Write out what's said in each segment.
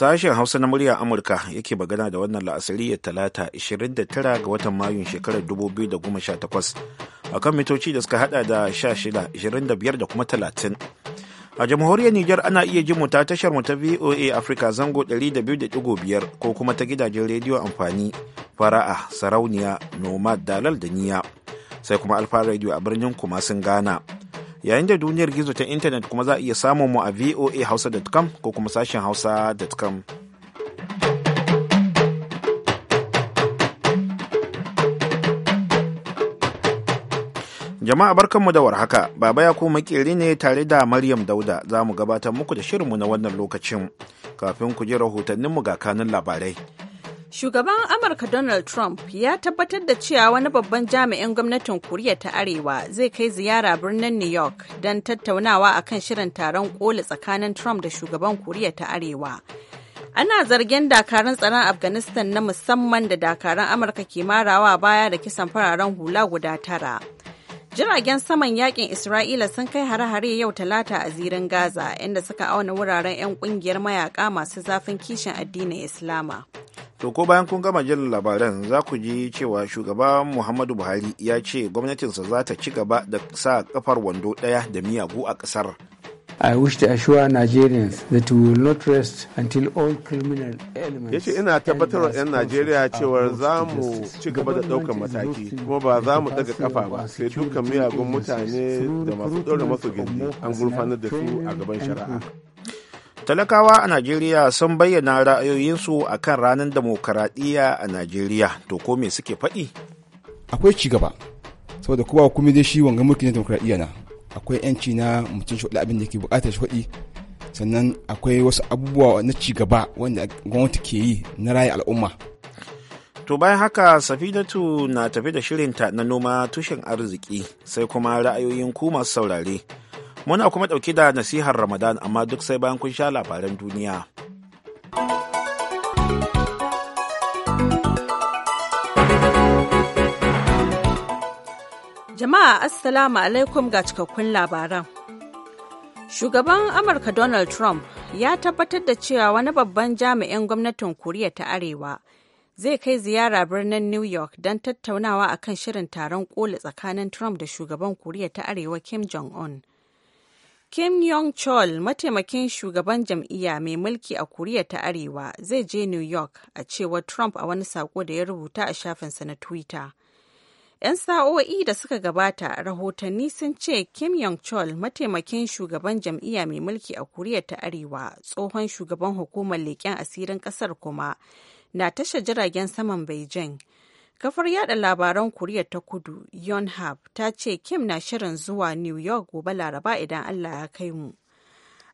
Sashen Hausa na murya Amurka yake magana da wannan la'asari ya talata 29 ga watan Mayun shekarar 2018 a kan mitoci da suka hada da 16, 25 da kuma 30. A jamhuriyar Nijar ana iya jin ta tashar mu ta VOA Africa zango 200.5 ko kuma ta gidajen rediyo amfani fara'a sarauniya nomad dalal da niya sai kuma alfa radio a birnin kuma sun gana. yayin da duniyar gizo ta intanet kuma za a iya samun mu a voa voahausa.com ko kuma sashen hausa.com jama'a barkanmu da warhaka baba ya kuma makeri ne tare da maryam dauda za mu gabatar muku da shirinmu na wannan lokacin kafin ku ji rahotanninmu ga kanun labarai Shugaban Amurka Donald Trump ya tabbatar da cewa wani babban jami'in gwamnatin Koriya ta Arewa zai kai ziyara birnin New York don tattaunawa a kan shirin taron koli tsakanin Trump da shugaban Koriya ta Arewa. Ana zargin dakarun tsaron Afghanistan na musamman da dakarun Amurka ke marawa baya da kisan fararen hula guda tara. Jiragen saman yakin Isra'ila sun kai hare-hare yau talata a zirin Gaza inda suka auna wuraren 'yan kungiyar mayaka masu zafin kishin addinin Islama. To ko bayan kun gama jin labaran za ku ji cewa shugaba Muhammadu Buhari ya ce gwamnatinsa za ta ci gaba da sa kafar wando ɗaya da miyagu a ƙasar. I wish to assure Nigerians that we will not rest until all criminal elements. Yace ina tabbatar wa 'yan Najeriya cewar za mu ci gaba da ɗaukar mataki kuma ba za mu daga kafa ba sai dukkan miyagun mutane da masu ɗaure masu gindi an gurfanar da su a gaban shari'a. Talakawa a Najeriya sun bayyana ra'ayoyinsu a kan ranar demokaradiyya a Najeriya to ko me suke faɗi? Akwai ci gaba saboda kowa kuma dai shi wanga mulkin demokaradiyya na akwai yanci na mutum shi abin da ke bukatar shi sannan akwai wasu abubuwa na cigaba gaba wanda gwamnati ke yi na raya al'umma to bayan haka safinatu na tafi da shirinta na noma tushen arziki sai kuma ra'ayoyin ku masu saurare muna kuma dauke da nasihar ramadan amma duk sai bayan kun sha labaran duniya. Jama'a Assalamu alaikum ga cikakkun labaran. Shugaban Amurka Donald Trump ya tabbatar da cewa wani babban jami'in gwamnatin Koriya ta Arewa zai kai ziyara birnin New York don tattaunawa a kan shirin taron koli tsakanin Trump da shugaban Koriya ta Arewa Kim Jong-un. Kim Yong Chol, mataimakin shugaban jam'iyya mai mulki a Koriya ta Arewa, zai je New York a cewar Trump a wani sako da ya rubuta a shafinsa na Twitter. 'Yan sa'o'i da suka gabata rahotanni sun ce Kim Yong-chol mataimakin shugaban jam'iyya mai mulki a Koriya ta Arewa tsohon shugaban hukumar leƙen asirin ƙasar kuma na tashar jiragen saman Beijing. Kafar yada labaran Koriya ta Kudu Yonhap ta ce Kim na shirin zuwa New York gobe Laraba idan Allah ya kai mu.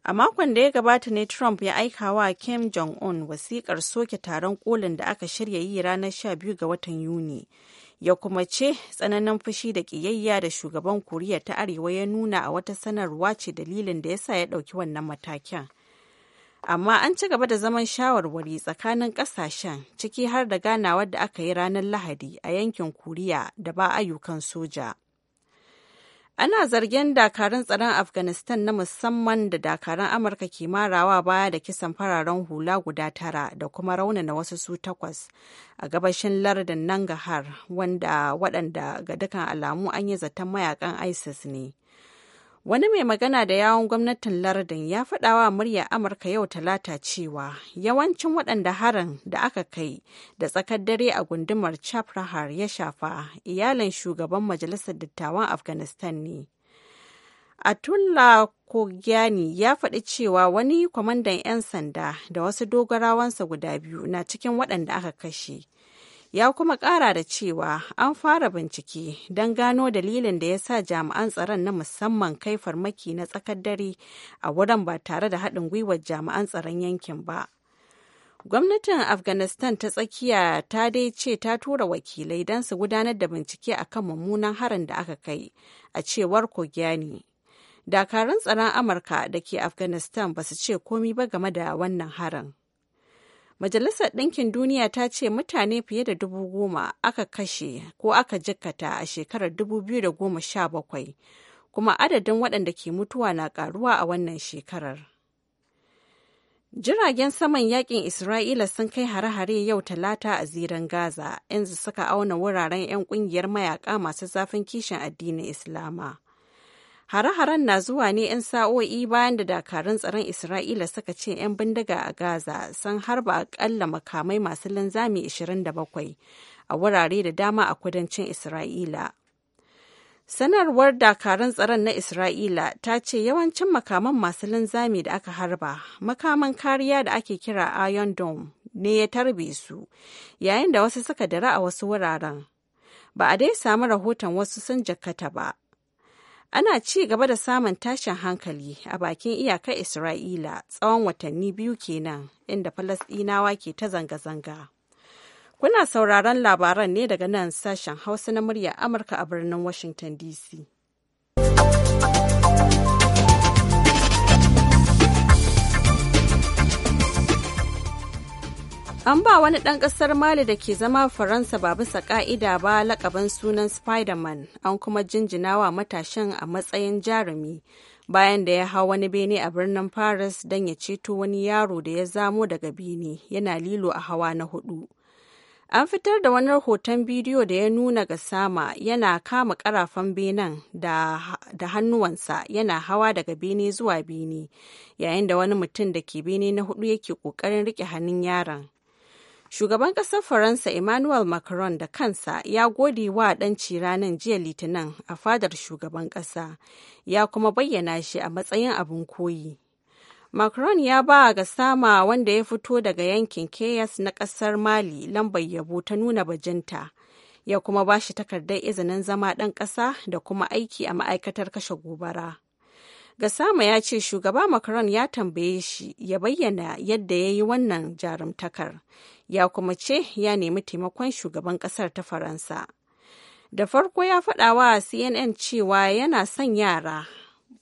A makon da ya gabata ne Trump ya aika wa Kim Jong-un wasikar soke taron kolin da aka shirya yi ranar 12 ga watan Yuni. ya kuma ce tsananin fushi da ƙiyayya da shugaban koriya ta arewa ya nuna a wata sanarwa ce dalilin da ya sa ya ɗauki wannan matakin amma an ci gaba da zaman shawarwari tsakanin ƙasashen ciki har da ganawar da aka yi ranar lahadi a yankin koriya da ba ayyukan soja ana zargin dakarun tsaron afghanistan na musamman da dakarun amurka ke marawa baya da kisan fararen hula guda tara da kuma raunana wasu su takwas a gabashin lardin nangahar wanda waɗanda ga dukan alamu an yi zaton mayakan isis ne Wani mai magana da yawon gwamnatin lardin ya faɗa wa murya Amurka yau talata cewa yawancin waɗanda harin da aka kai da tsakar dare a gundumar Chaprahar ya shafa iyalin shugaban majalisar dattawan Afghanistan ne. Atullah Kogiani ya faɗi cewa wani kwamandan 'yan sanda da wasu dogarawansa guda biyu na cikin waɗanda aka kashe. ya kuma ƙara da cewa an fara bincike don gano dalilin da ya sa jami'an tsaron na musamman kai farmaki na tsakar dare a wurin ba tare da haɗin gwiwar jami'an tsaron yankin ba gwamnatin afghanistan ta tsakiya ta dai ce ta tura wakilai don su gudanar da bincike a kan mummunan harin da aka kai a cewar kogiyani dakarun tsaron amurka da ke afghanistan ba su ce komi ba game da wannan harin Majalisar Ɗinkin Duniya ta ce mutane fiye da dubu goma aka kashe ko aka jikkata a shekarar dubu biyu da goma sha bakwai, kuma adadin waɗanda ke mutuwa na ƙaruwa a wannan shekarar. Jiragen saman yakin Isra'ila sun kai hare-hare yau talata a ziran Gaza, yanzu suka auna wuraren 'yan ƙungiyar mayaka masu zafin kishin addinin Islama. Hare-haren na zuwa ne 'yan sa'o'i bayan da dakarun tsaron Isra'ila suka ce 'yan bindiga a Gaza sun harba akalla makamai masu linzami 27 a wurare da dama a kudancin Isra'ila. Sanarwar dakarun tsaron na Isra'ila ta ce yawancin makaman masu linzami da aka harba, makaman kariya da ake kira Iron Dome ne ya tarbe su, yayin da wasu suka dare a wasu wuraren. Ba a dai samu rahoton wasu sun jakkata ba. ana ci gaba da samun tashin hankali a bakin iyakar isra'ila tsawon watanni biyu kenan inda falasɗinawa ke ta zanga-zanga kuna sauraron labaran ne daga nan sashen hausa na murya amurka a birnin washington dc An ba wani ɗan ƙasar Mali da ke zama Faransa ba bisa ƙa'ida ba lakabin sunan Spiderman, an kuma jinjina wa matashin a matsayin jarumi bayan da ya hau wani bene a birnin Paris don ya ceto wani yaro da ya zamo daga bene yana lilo a hawa na hudu. An fitar da wani rahoton bidiyo da ya nuna ga sama yana kama karafan benen da, hannuwansa yana hawa daga bene zuwa bene, yayin da wani mutum da ke bene na hudu yake ƙoƙarin riƙe hannun yaron. Shugaban ƙasar Faransa Emmanuel Macron da kansa ya gode wa ɗanci ranar jiya Litinin a fadar shugaban ƙasa, ya kuma bayyana shi a matsayin abin koyi. Macron ya ba ga sama wanda ya fito daga yankin Keyes na ƙasar Mali lambar yabo ta nuna bajinta. ya kuma ba shi takardar izinin zama ɗan ƙasa da kuma aiki a ma'aikatar kashe gobara. Gasama ya ce shugaba Macron ya tambaye shi ya bayyana yadda ya yi wannan jarumtakar, ya kuma ce ya nemi taimakon shugaban ƙasar ta Faransa. Da farko ya faɗa wa CNN cewa yana son yara.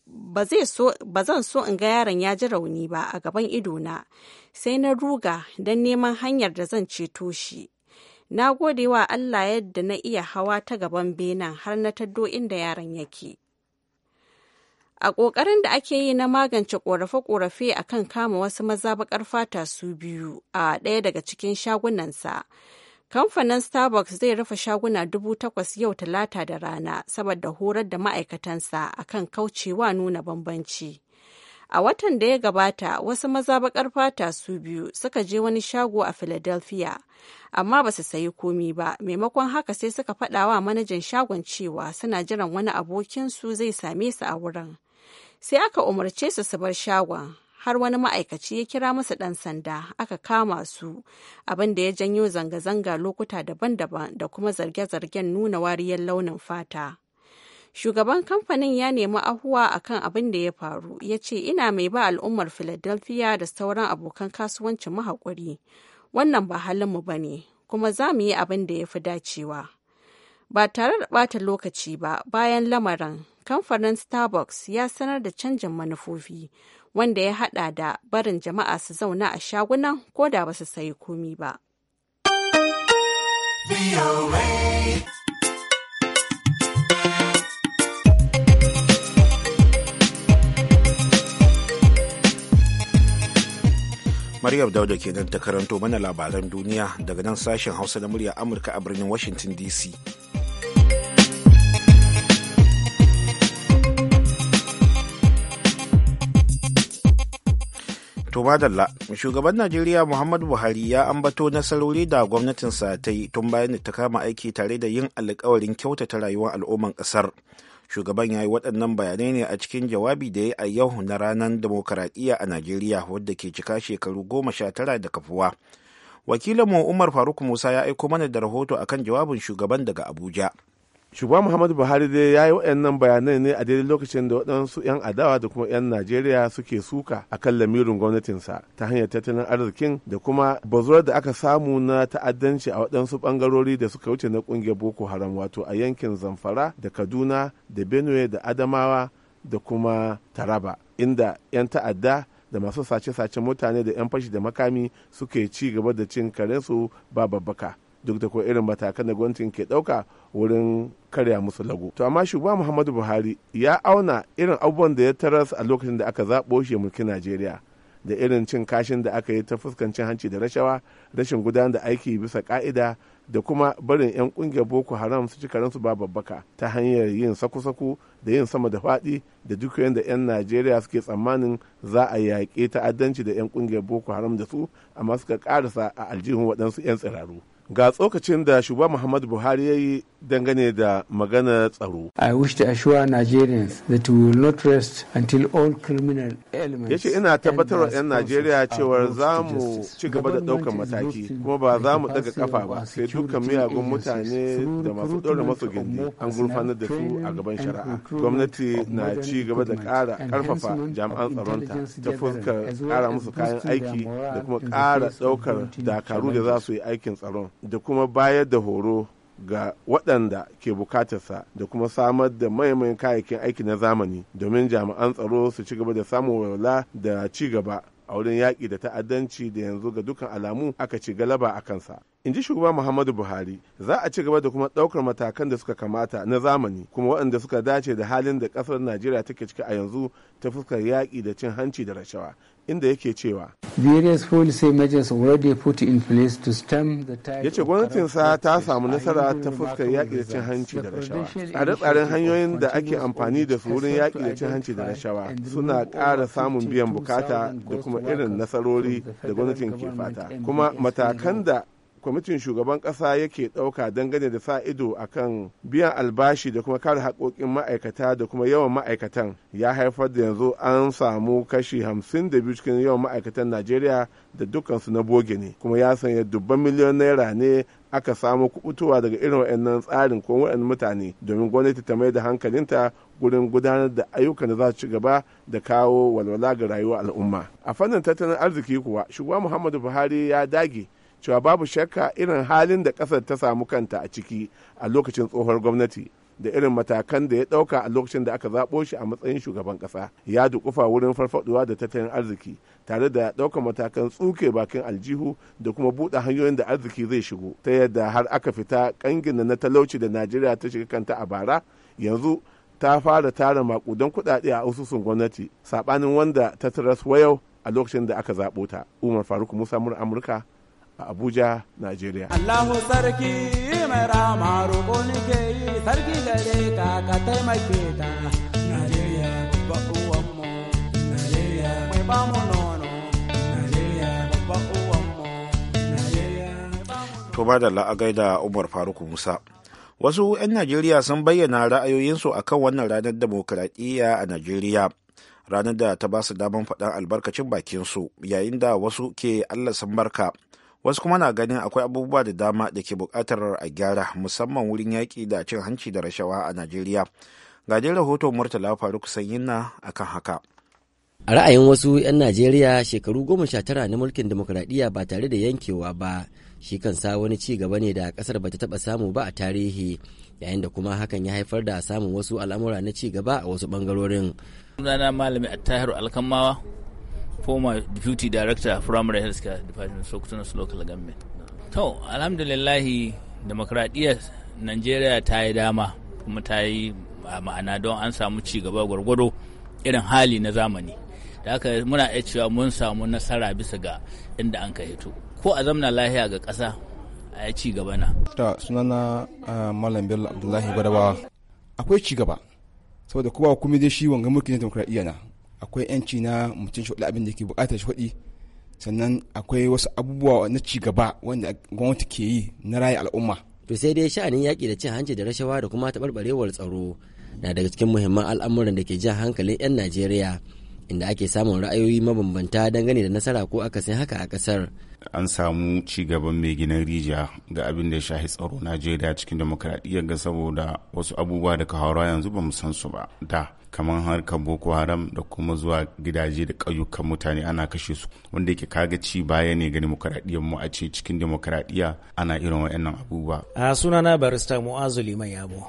Ba zan so in ga yaron ya ji rauni ba a gaban idona, sai na ruga don neman hanyar da zan ceto shi. Na gode wa Allah yadda na iya hawa ta gaban benen har na taddo inda yaron yake. a ƙoƙarin da ake yi na magance ƙorafe-ƙorafe a kan kama wasu maza baƙar fata su biyu a ɗaya daga cikin shagunansa. Kamfanin Starbucks zai rufe shaguna dubu takwas yau talata da rana saboda horar da ma'aikatansa a kan kaucewa nuna bambanci. A watan da ya gabata, wasu maza baƙar fata su biyu suka je wani shago a Philadelphia, amma ba su sayi komi ba, maimakon haka sai suka faɗawa manajan shagon cewa suna jiran wani abokinsu zai same su a wurin. sai aka umarce su su bar shagon har wani ma'aikaci ya kira masa ɗan sanda aka kama su abin da ya janyo zanga-zanga lokuta daban-daban da kuma zarge-zargen nuna wariyar launin fata shugaban kamfanin ya nemi ahuwa akan abin da ya faru ya ce ina mai ba al'ummar philadelphia da sauran abokan kasuwancin mahaƙuri wannan ba halinmu ba ne kuma za mu yi abin da ya fi dacewa ba tare da ɓata lokaci ba bayan lamarin kamfanin starbucks ya sanar da canjin manufofi wanda ya hada da barin jama'a su zauna a shagunan ko da ba su sayi komi ba Maryam Dauda kenan ta karanto mana labaran duniya daga nan sashen Hausa na murya Amurka a birnin Washington DC. To madalla, shugaban Najeriya Muhammadu Buhari ya ambato nasarori da gwamnatinsa ta yi tun bayan da ta kama aiki tare da yin alkawarin kyautata rayuwar al'umman ƙasar. Shugaban ya yi waɗannan bayanai ne a cikin jawabi da ya a yau na ranar demokaradiyya a Najeriya wadda ke cika shekaru goma sha tara da kafuwa. Wakilinmu Umar Faruk Musa ya aiko mana da rahoto akan jawabin shugaban daga Abuja. shugaba muhammadu buhari dai ya yi waɗannan bayanai ne a daidai lokacin da waɗansu 'yan adawa da kuma 'yan najeriya suke suka a kan lamirin gwamnatinsa ta hanyar tattalin arzikin da kuma bazuwar da aka samu na ta'addanci a waɗansu ɓangarori da suka wuce na ƙungiyar boko haram wato a yankin zamfara da kaduna da benue da adamawa da kuma taraba inda 'yan ta'adda da masu sace-sace mutane da 'yan fashi da makami suke ci gaba da cin karensu ba babbaka duk da ko irin matakan da gwamnatin ke ɗauka wurin karya musu lagu. To amma shugaba Muhammadu Buhari ya auna irin abubuwan da ya taras a lokacin da aka zaɓo shi mulki Najeriya da irin cin kashin da aka yi ta fuskancin hanci da rashawa, rashin gudanar da aiki bisa ƙa'ida da kuma barin 'yan ƙungiyar Boko Haram su cika ransu ba babbaka ta hanyar yin saku-saku da yin sama da faɗi da duk da 'yan Najeriya suke tsammanin za a yaƙe ta'addanci da 'yan ƙungiyar Boko Haram da su amma suka ƙarasa a aljihun waɗansu 'yan tsiraru. ga tsokacin da shugaba muhammadu buhari ya yi dangane da magana tsaro i wish to assure nigerians that we will not rest until all criminal elements ya ce ina wa 'yan najeriya cewar za mu ci gaba da ɗaukar mataki kuma ba za mu daga kafa ba sai dukkan miyagun mutane da masu ɗora masu gindi an gurfanar da su a gaban shari'a gwamnati na ci gaba da ƙara ƙarfafa jami'an tsaronta ta fuskar ƙara musu kayan aiki da kuma ƙara ɗaukar dakaru da za su yi aikin tsaron da kuma bayar da horo ga waɗanda ke bukatarsa da kuma samar da maimayin kayayyakin aiki na zamani domin jami'an tsaro su ci gaba da samun walwala da ci gaba a wurin yaƙi da ta'addanci da yanzu ga dukkan alamu aka ci galaba a kansa. in ji shugaba muhammadu buhari za a ci gaba da kuma ɗaukar matakan da suka kamata na zamani kuma waɗanda suka dace da halin da ƙasar najeriya take ciki a yanzu ta fuskar yaƙi da cin hanci da rashawa inda yake cewa ya ce gwamnatinsa ta samu nasara ta fuskar yaƙi da cin hanci da rashawa tsare-tsaren hanyoyin da ake amfani da su wurin yaƙi da cin hanci da rashawa suna ƙara samun biyan bukata da kuma irin nasarori da gwamnatin ke fata kuma matakan da kwamitin shugaban ƙasa yake ɗauka dangane da sa ido a kan biyan albashi da kuma kare haƙoƙin ma'aikata da kuma yawan ma'aikatan ya haifar da yanzu an samu kashi hamsin da biyu cikin yawan ma'aikatan najeriya da dukkansu na boge ne kuma ya sanya dubban miliyon naira ne aka samu kubutuwa daga irin wa'annan tsarin ko wa'annan mutane domin gwamnati ta mai da hankalinta gurin gudanar da ayyukan da za su ci gaba da kawo walwala ga rayuwar al'umma a fannin tattalin arziki kuwa shugaba muhammadu buhari ya dage cewa babu shakka irin halin da ƙasar ta samu kanta a ciki a lokacin tsohuwar gwamnati da irin matakan da ya ɗauka a lokacin da aka zaɓo shi a matsayin shugaban ƙasa ya dukufa wurin farfaɗuwa da tattalin arziki tare da ɗaukar matakan tsuke bakin aljihu da kuma buɗe hanyoyin da arziki zai shigo ta yadda har aka fita ƙangin na talauci da najeriya ta shiga kanta a bara yanzu ta fara tara makudan kuɗaɗe a asusun gwamnati saɓanin wanda ta tiras wayau a lokacin da aka zaɓo ta umar faruk musa mura amurka a Abuja, Najeriya. Allahu sarki mai rama roƙo ni ke yi sarki gare ka ka taimake ta Najeriya babba mu. Najeriya mai ba mu nono Najeriya babba mu Najeriya To ba da la'agai da Umar Faruk Musa. Wasu 'yan Najeriya sun bayyana ra'ayoyinsu a kan wannan ranar demokuraɗiyya a Najeriya. ranar da ta ba su damar faɗan albarkacin bakinsu yayin da wasu ke allah sun barka wasu kuma na ganin akwai abubuwa da dama da ke bukatar a gyara musamman wurin yaƙi da cin hanci da rashawa a najeriya ga dai rahoton murtala faruk sanyinna akan haka a ra'ayin wasu 'yan najeriya shekaru goma sha tara na mulkin demokuraɗiyya ba tare da yankewa ba shi kan sa wani ci gaba ne da ƙasar ba ta taɓa samu ba a tarihi yayin da kuma hakan ya haifar da samun wasu al'amura na ci gaba a wasu ɓangarorin sunana malami attahiru alkamawa former deputy director primary health care department sokoto na local government to alhamdulillahi demokradiyya najeriya ta yi dama kuma ta yi ma'ana don an samu ci gaba gwargwado irin hali na zamani da haka muna iya cewa mun samu nasara bisa ga inda an ka hito ko a zamna lahiya ga ƙasa a ci gaba na. ta sunana malam bello abdullahi gwadawa akwai ci gaba saboda kuma kuma dai shi wanga mulkin na akwai yanci na mutum shi abin da ke bukatar shi sannan akwai wasu abubuwa na ci gaba wanda gwamnati ke yi na rayu al'umma to sai dai sha'anin yaƙi da cin hanci da rashawa da kuma taɓarɓarewar tsaro na daga cikin muhimman al'amuran da ke jan hankalin 'yan najeriya inda ake samun ra'ayoyi mabambanta dangane da nasara ko akasin haka a ƙasar an samu ci gaban mai ginin rija ga abin da ya shahi tsaro najeriya cikin demokradiyyar ga saboda wasu abubuwa da ka yanzu ba mu san su ba da kamar harkar boko haram da kuma zuwa gidaje da ƙauyukan mutane ana kashe su wanda yake kaga ci baya ne ga demokaradiyyar mu a ce cikin demokaradiyya ana irin wa'annan abubuwa a sunana barista mu'azu liman yabo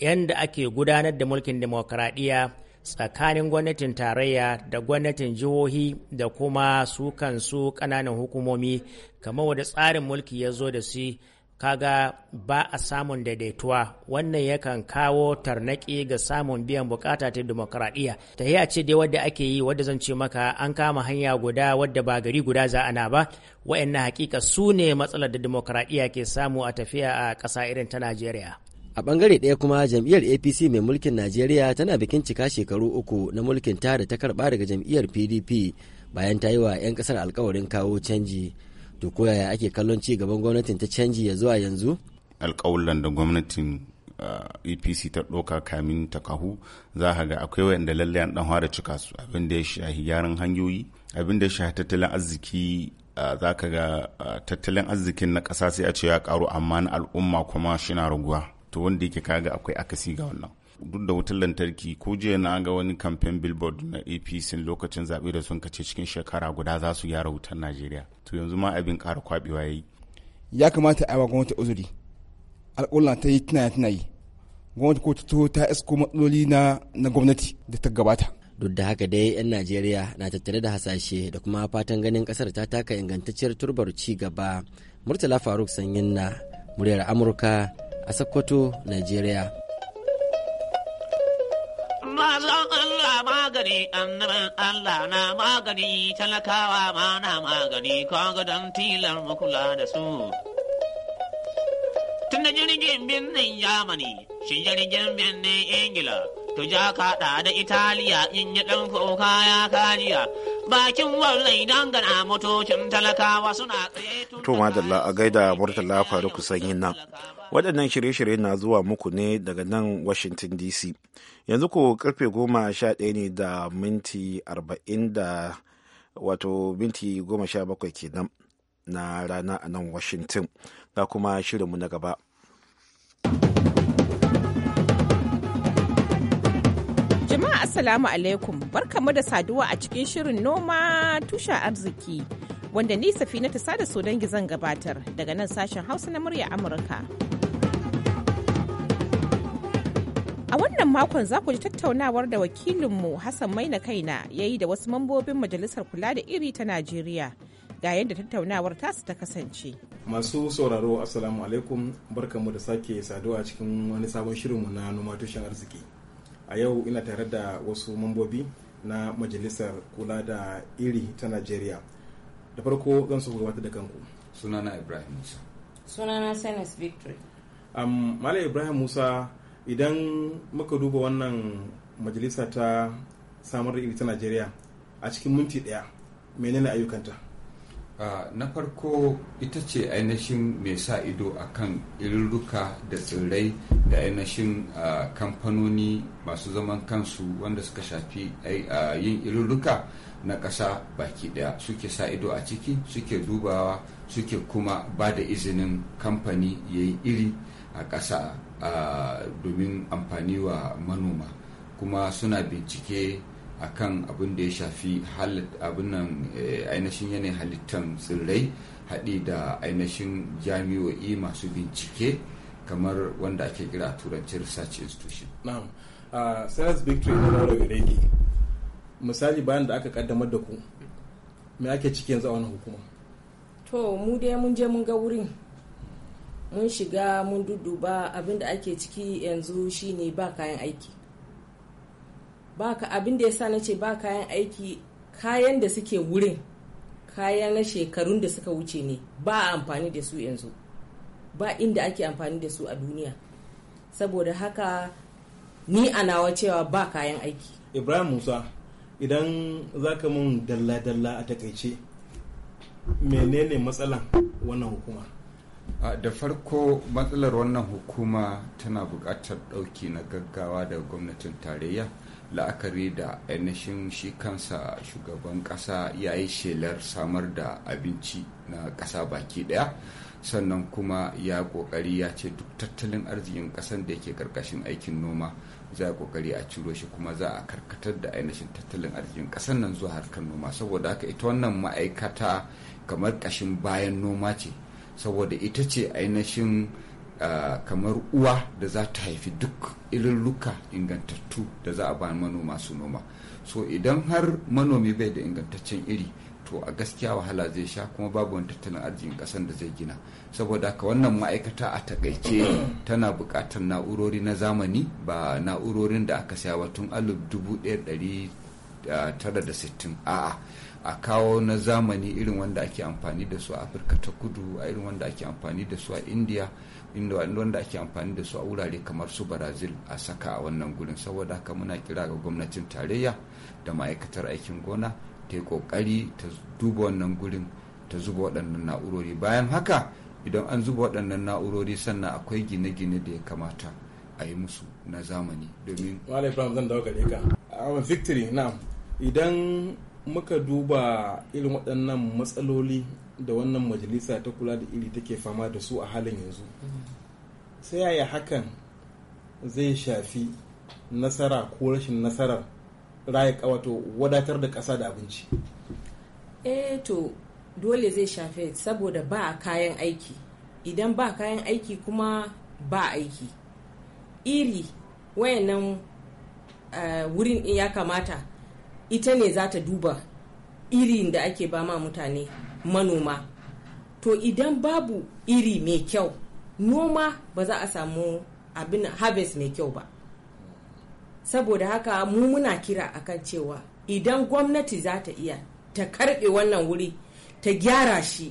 yanda ake gudanar da mulkin demokaradiyya tsakanin gwamnatin tarayya da gwamnatin jihohi da kuma su kansu ƙananan hukumomi kamar wanda tsarin mulki ya zo da su kaga ba a samun daidaituwa wannan yakan kawo tarnaki ga samun biyan bukata ta demokradiyya ta yi a ce dai wadda ake yi wadda zan ce maka an kama hanya guda wadda ba gari guda za na ba wa'annan hakika su ne matsalar da demokradiyya ke samu a tafiya a ƙasa irin ta najeriya a bangare ɗaya kuma jam'iyyar apc mai mulkin najeriya tana bikin cika shekaru uku na mulkin ta da ta karɓa daga jam'iyyar pdp bayan ta yi wa 'yan ƙasar alkawarin kawo canji to ko yaya ake kallon ci gaban gwamnatin ta canji ya zuwa yanzu alƙawullan da gwamnatin uh, epc ta ɗauka kamin ta kahu za ka ga akwai wanda lallai an ɗan hara cika su abin da ya shahi gyaran hanyoyi abin da ya shahi tattalin arziki uh, za ka ga uh, tattalin arzikin na ƙasa sai a ce ya ƙaru amma na al'umma kuma shi na raguwa to wanda yake kaga akwai akasi ga wannan duk da wutar lantarki ko jiya na ga wani kamfen billboard na apc lokacin zaɓe da sun kace cikin shekara guda za su gyara wutar najeriya to yanzu ma abin ƙara kwaɓewa ya yi ya kamata a yi wa gwamnati uzuri alƙulla ta yi tana tana yi gwamnati ko ta ta isko matsaloli na na gwamnati da ta gabata duk da haka dai 'yan najeriya na tattare da hasashe da kuma fatan ganin kasar ta taka ingantacciyar turbar ci gaba murtala faruk sanyin na muryar amurka a sokoto nigeria. mazan Allah magani, annabin Allah na magani, talakawa ma na magani, kaga don tilar makula da su. Tun da jirgin birnin Yamani, shi jirgin birnin Ingila, tuja kaɗa da Italiya in yi ɗan kuka ya kariya. bakin wallai dangana motocin talakawa suna tsaye to madalla a gaida murtala kusan sanyin nan waɗannan shirye-shirye na zuwa muku ne daga nan washington dc yanzu ko karfe goma sha ɗaya ne da minti arba'in da wato minti goma sha bakwai kenan na rana a nan washington ga kuma shirinmu na gaba Assalamu alaikum barkamu da saduwa a cikin shirin noma tusha arziki wanda ni safina ta sada dangi zan gabatar daga nan sashen hausa na murya Amurka. A wannan makon za ku ji tattaunawar da wakilinmu Hassan Maina Kaina ya yi da wasu mambobin Majalisar Kula da Iri ta Najeriya. Ga yadda tattaunawar tasu ta kasance. Masu sauraro Assalamu alaikum barkamu da sake saduwa cikin wani sabon shirinmu na noma tushen arziki. a yau ina tare da wasu mambobi na majalisar kula da iri ta najeriya da farko zan so gabatar da kanku sunana ibrahim musa sunana senes victory um, malam ibrahim musa idan muka duba wannan majalisa ta samar da iri ta najeriya a cikin minti daya menene ayyukanta na farko ita ce ainihin mai sa ido a kan irurruka da tsirrai da ainihin kamfanoni masu zaman kansu wanda suka shafi yin irurruka na ƙasa baki ɗaya suke sa ido a ciki suke dubawa suke kuma ba da izinin kamfani ya yi iri a ƙasa domin amfani wa manoma kuma suna bincike akan abin da ya shafi abin nan eh, ainihin yanayin halittan tsirrai haɗi da ainihin jami'o'i masu bincike kamar wanda ake kira a turanci research institution. Na'am. Ah, Sales Victory na Lalo Ireki. Misali bayan da aka kaddamar da ku, me ake ciki yanzu a wani hukuma? To, mu dai mun je mun ga wurin. Mun shiga mun dudduba abin da ake ciki yanzu shine ba kayan aiki. baka abin da yasa na ce ba kayan aiki kayan da suke wurin kayan na shekarun da suka wuce ne ba amfani da su yanzu ba inda ake amfani da su a duniya saboda haka ni a nawa cewa ba kayan aiki ibrahim musa idan za ka mun dalla-dalla a takaice menene matsalan wannan hukuma da farko matsalar wannan hukuma tana buƙatar ɗauki na gaggawa daga gwamnatin tarayya la'akari da ainihin shi kansa shugaban ƙasa ya yi shelar samar da abinci na ƙasa baki ɗaya sannan kuma ya ƙoƙari ya ce duk tattalin arzikin ƙasan da yake ƙarƙashin aikin noma za a ƙoƙari a ciro shi kuma za a karkatar da ainihin tattalin arzikin ƙasan nan zuwa harkar noma saboda haka ita wannan ma'aikata kamar kashin bayan noma ce saboda ita ce ainihin kamar uwa da za ta haifi duk ililluka ingantattu da za a ba manoma su noma so idan har manomi bai da ingantaccen iri to a gaskiya wahala zai sha kuma babu wani tattalin arzikin kasan da zai gina saboda haka wannan ma'aikata a takaice tana buƙatar na'urori na zamani ba na'urorin da aka saya tun alif dubu tara da sittin a'a a kawo na zamani irin wanda ake amfani da su a afirka ta kudu a irin wanda ake amfani da su a indiya inda wanda ake amfani da su a wurare kamar su brazil a saka a wannan gurin saboda haka muna kira ga gwamnatin tarayya da ma'aikatar aikin gona ta yi kokari ta duba wannan gurin ta zuba waɗannan na'urori bayan haka idan an zuba waɗannan na'urori sannan akwai gine-gine da ya kamata a yi musu na zamani domin victory na idan muka duba irin waɗannan matsaloli da wannan majalisa ta kula da iri take fama da su a halin yanzu sai yaya hakan zai shafi nasara ko rashin nasarar raya kawato wadatar da ƙasa da abinci eh to dole zai shafe saboda ba kayan aiki idan ba kayan aiki kuma ba aiki iri wayannan uh, wurin ya kamata ita ne za ta duba irin da ake ba ma mutane manoma to idan babu iri mai kyau noma ba za a samu abin harvest mai kyau ba saboda haka mu muna kira akan cewa idan gwamnati za ta iya ta karbe wannan wuri ta gyara shi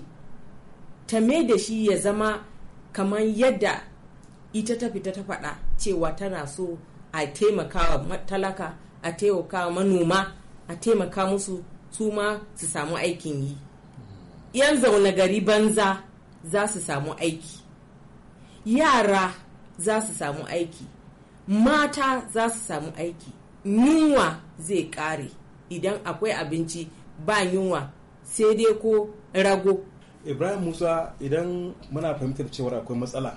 ta mai da shi ya zama kamar yadda ita ta fita ta faɗa cewa tana so a wa talaka a taimaka manoma a taimaka musu su ma su samu aikin yi 'yan zaune gari banza za su samu aiki yara za su samu aiki mata za su samu aiki yunwa zai kare idan akwai abinci ba yunwa sai dai ko rago ibrahim musa idan muna fahimtar cewar akwai matsala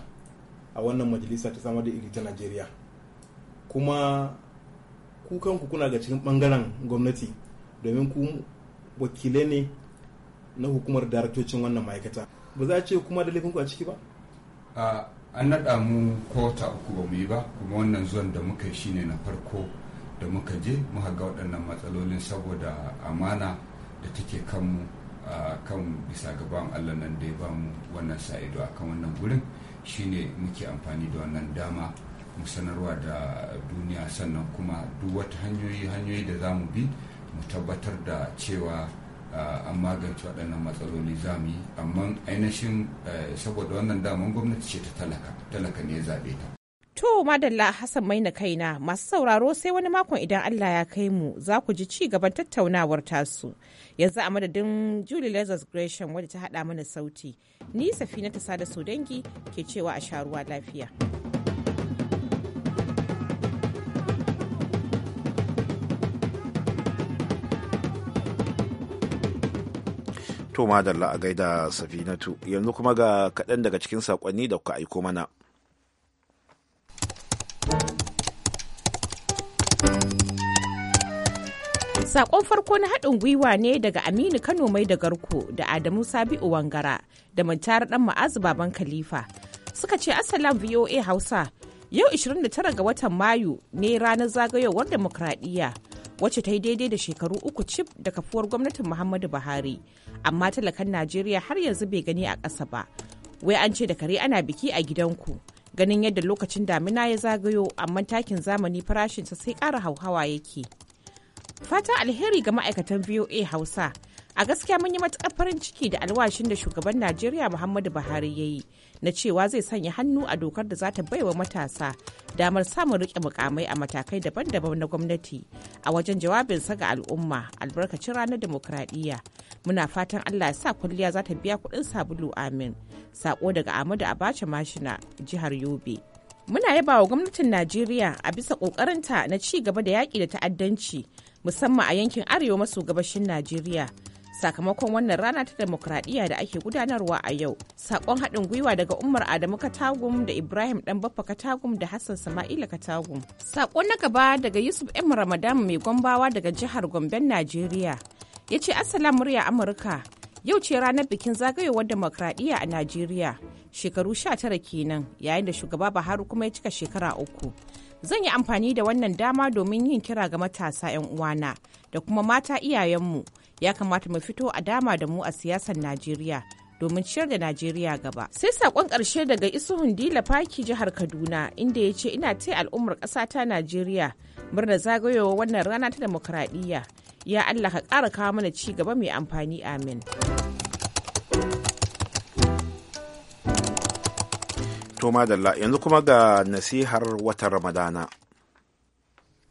a wannan majalisa ta samar da iri ta najeriya kuma kukanku kuna ga cikin bangaren gwamnati domin ku wakilai ne na hukumar daraktocin wannan ma'aikata ba za a ce kuma da laifinku a ciki ba an naɗa mu kota uku ba mu yi ba kuma wannan zuwan da muka yi shine na farko da muka je muka ga waɗannan matsalolin saboda amana da take kanmu kan bisa gaban allah nan da ya ba mu wannan sa'ido a kan wannan gurin shine muke amfani da wannan dama mu sanarwa da duniya sannan kuma duk wata hanyoyi hanyoyi da za mu bi mu tabbatar da cewa an magance waɗannan matsaloli za mu yi amma ainihin eh, saboda wannan daman gwamnati ce ta talaka talaka ne ya zaɓe ta To madalla Hassan kai na masu sauraro sai wani makon idan Allah ya kai mu za ku ji ci gaban tattaunawar tasu. Yanzu a madadin Julie Lazarus Gresham wadda ta haɗa mana sauti. Ni safinata ta sada dangi ke cewa a sha ruwa lafiya. to madalla a gaida safinatu yanzu kuma ga kaɗan daga cikin saƙonni da kuka aiko mana saƙon farko na haɗin gwiwa ne daga Aminu Kano mai da garko da Adamu Sabi'u Wangara da Muntar ɗan Ma'azu Baban Khalifa. Suka ce Assalam VOA Hausa, yau 29 ga watan Mayu ne ranar zagayowar demokradiyya wacce ta yi daidai da shekaru uku cif da kafuwar gwamnatin muhammadu buhari amma talakan najeriya har yanzu bai gani a ƙasa ba wai an ce da kare ana biki a gidanku ganin yadda lokacin damina ya zagayo amma takin zamani farashinsa sai ƙara hauhawa yake Fata alheri ga ma'aikatan voa hausa a gaskiya mun yi matuƙar farin ciki da alwashin da shugaban najeriya muhammadu buhari ya yi na cewa zai sanya hannu a dokar da za ta baiwa matasa damar samun riƙe mukamai a matakai daban-daban na gwamnati a wajen jawabinsa ga al'umma albarkacin ranar demokradiyya muna fatan allah ya sa kwalliya za ta biya kuɗin sabulu amin Saƙo daga amadu abacha mashina jihar yobe muna yaba wa gwamnatin najeriya a bisa ƙoƙarinta na ci gaba da yaƙi da ta'addanci musamman a yankin arewa maso gabashin najeriya sakamakon wannan rana ta demokradiyya da ake gudanarwa a yau sakon haɗin gwiwa daga umar adamu katagum da ibrahim dan baffa katagum da hassan sama'ila katagum sakon na gaba daga yusuf m ramadan mai gombawa daga jihar gomben najeriya ya ce assalamu murya amurka yau ce ranar bikin zagayowar demokradiyya a najeriya shekaru sha tara kenan yayin da shugaba buhari kuma ya cika shekara uku zan yi amfani da wannan dama domin yin kira ga matasa 'yan uwana da kuma mata iyayenmu ya kamata mu fito a dama da mu a siyasar najeriya domin ciyar da Najeriya gaba. Sai sakon ƙarshe daga Isuhun Dila Faki jihar Kaduna inda ya ce ina tai al'ummar ƙasa ta Najeriya murna zagayowa wannan rana ta demokuraɗiyya. Ya Allah ka ƙara kawo mana ci gaba mai amfani amin. To madalla yanzu kuma ga nasihar watan Ramadana.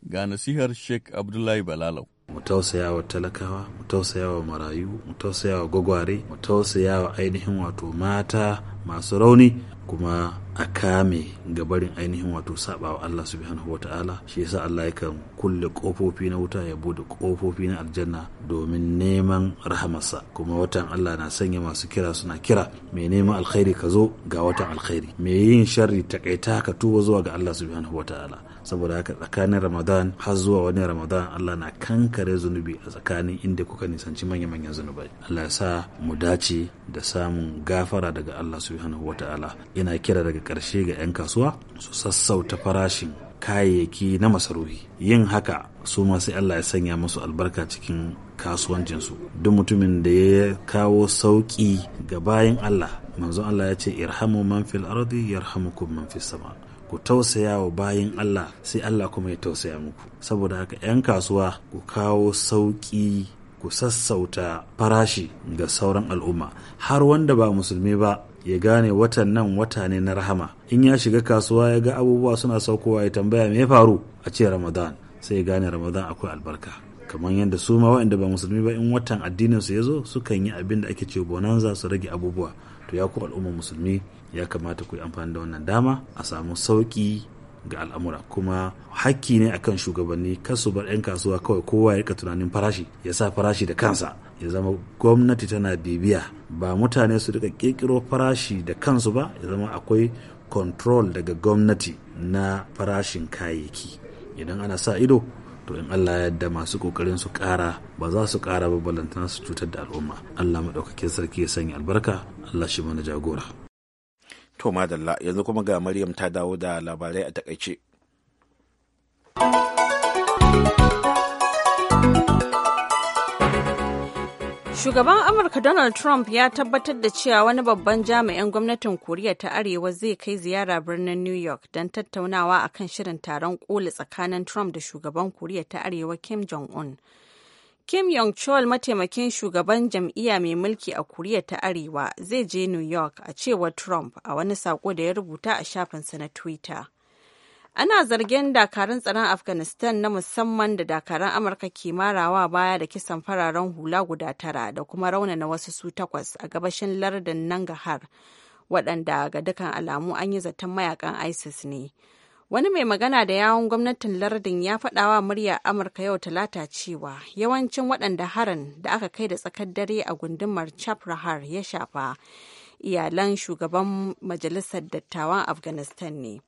Ga nasihar Sheikh Abdullahi Balalau. mu tausaya wa talakawa mu tausaya wa marayu mu tausaya wa gwagware mu tausaya wa ainihin wato mata masu rauni kuma a kame gabarin ainihin wato wa Allah subhanahu wa ta'ala shi yasa Allah yakan kulle kofofi na wuta ya bude kofofi na aljanna domin neman rahamarsa kuma watan Allah na sanya masu kira suna kira mai neman alkhairi ka zo ga watan alkhairi mai yin sharri takaita ka tuba zuwa ga Allah subhanahu wa ta'ala saboda haka tsakanin ramadan har zuwa wani ramadan allah na kankare zunubi a tsakanin inda kuka nisanci manya-manyan zunubai allah ya sa mu dace da samun gafara daga allah su subhanahu ta'ala yana kira daga ƙarshe ga 'yan kasuwa su sassauta farashin kayayyaki na masarufi yin haka su masu Allah ya sanya musu albarka cikin kasuwancinsu duk mutumin da ya kawo sauƙi ga bayan Allah manzon Allah ya ce irhamu man fil ardi yarhamukum man fis sama ku tausaya wa bayan Allah sai Allah kuma ya tausaya muku saboda haka 'yan kasuwa ku kawo sauƙi ku sassauta farashi ga sauran al'umma har wanda ba musulmi ba ya gane watan nan wata ne na rahama in ya shiga kasuwa ya ga abubuwa suna saukowa ya tambaya me ya faru a ce ramadan sai ya gane ramadan akwai albarka kamar yadda su ma waɗanda ba musulmi ba in watan addinin su ya zo sukan yi abin da ake ce bonanza su rage abubuwa to ya ku al'ummar musulmi ya kamata ku yi amfani da wannan dama a samu sauki ga al'amura kuma hakki ne akan shugabanni kasu su bar 'yan kasuwa kawai kowa ya rika tunanin farashi ya sa farashi da kansa ya zama gwamnati tana bibiya ba mutane su riƙa kirkiro farashi da kansu ba ya zama akwai control daga gwamnati na farashin kayayyaki idan ana sa ido to in Allah ya yarda masu kokarin su kara ba za su kara ba balantana su cutar da al'umma Allah maɗaukakin sarki ya sanya albarka Allah shi mana jagora to madalla yanzu kuma ga Maryam ta dawo da labarai a takaice Shugaban Amurka Donald Trump ya tabbatar da cewa wani babban jami'in gwamnatin Koriya ta Arewa zai kai ziyara birnin New York don tattaunawa a kan shirin taron koli tsakanin Trump da shugaban Koriya ta Arewa Kim Jong-un. Kim Yong Chol mataimakin shugaban jam'iyya mai mulki a Koriya ta Arewa zai je New York a cewar Trump a wani sako da ya rubuta a shafinsa na Twitter. ana zargin dakarun tsaron afghanistan na musamman da dakarun amurka ke marawa baya da kisan fararen hula guda tara da kuma rauna na wasu su takwas a gabashin lardin nangahar waɗanda ga dukan alamu an yi zaton mayakan isis ne wani mai magana da yawon gwamnatin lardin ya faɗawa murya amurka yau talata cewa yawancin waɗanda harin da aka kai da tsakar dare a gundumar chaprahar ya shafa iyalan shugaban majalisar dattawan afghanistan ne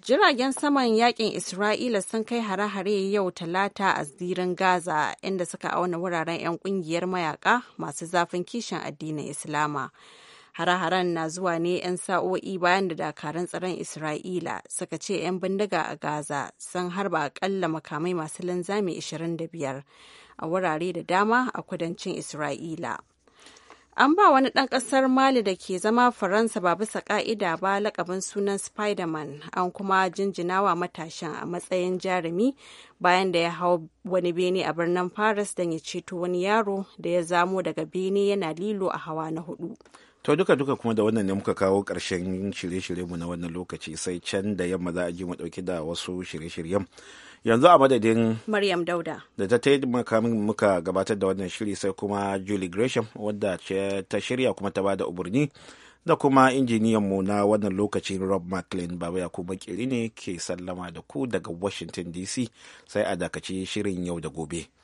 Jiragen saman yakin Isra'ila sun kai hare-hare yau talata a zirin Gaza inda suka auna wuraren 'yan kungiyar mayaka masu zafin kishin addinin Islama. Hare-haren na zuwa ne 'yan sa'o'i bayan da dakarun tsaron Isra'ila suka ce 'yan bindiga a Gaza sun harba akalla makamai masu linzami 25 a wurare da dama a kudancin Isra'ila. An ba wani ɗan ƙasar Mali da ke zama Faransa ba bisa ƙa'ida ba lakabin sunan Spiderman, an kuma jinjinawa matashin a matsayin jarumi bayan da ya hau wani bene a birnin Paris don ya ceto wani yaro da ya zamo daga bene yana lilo a hawa na hudu. To duka duka kuma da wannan ne muka kawo ƙarshen shirye-shiryenmu na wannan lokaci sai can da yamma za a ji mu dauki da wasu shirye-shiryen. yanzu a madadin maryam dauda da ta taimaka muka gabatar da wannan shiri sai kuma julie gresham wadda ta shirya kuma ta bada umarni da kuma injiniyan mu na wannan lokacin rob mclean baba ya kuma kiri ne ke sallama da ku daga washington dc sai a dakaci shirin yau da gobe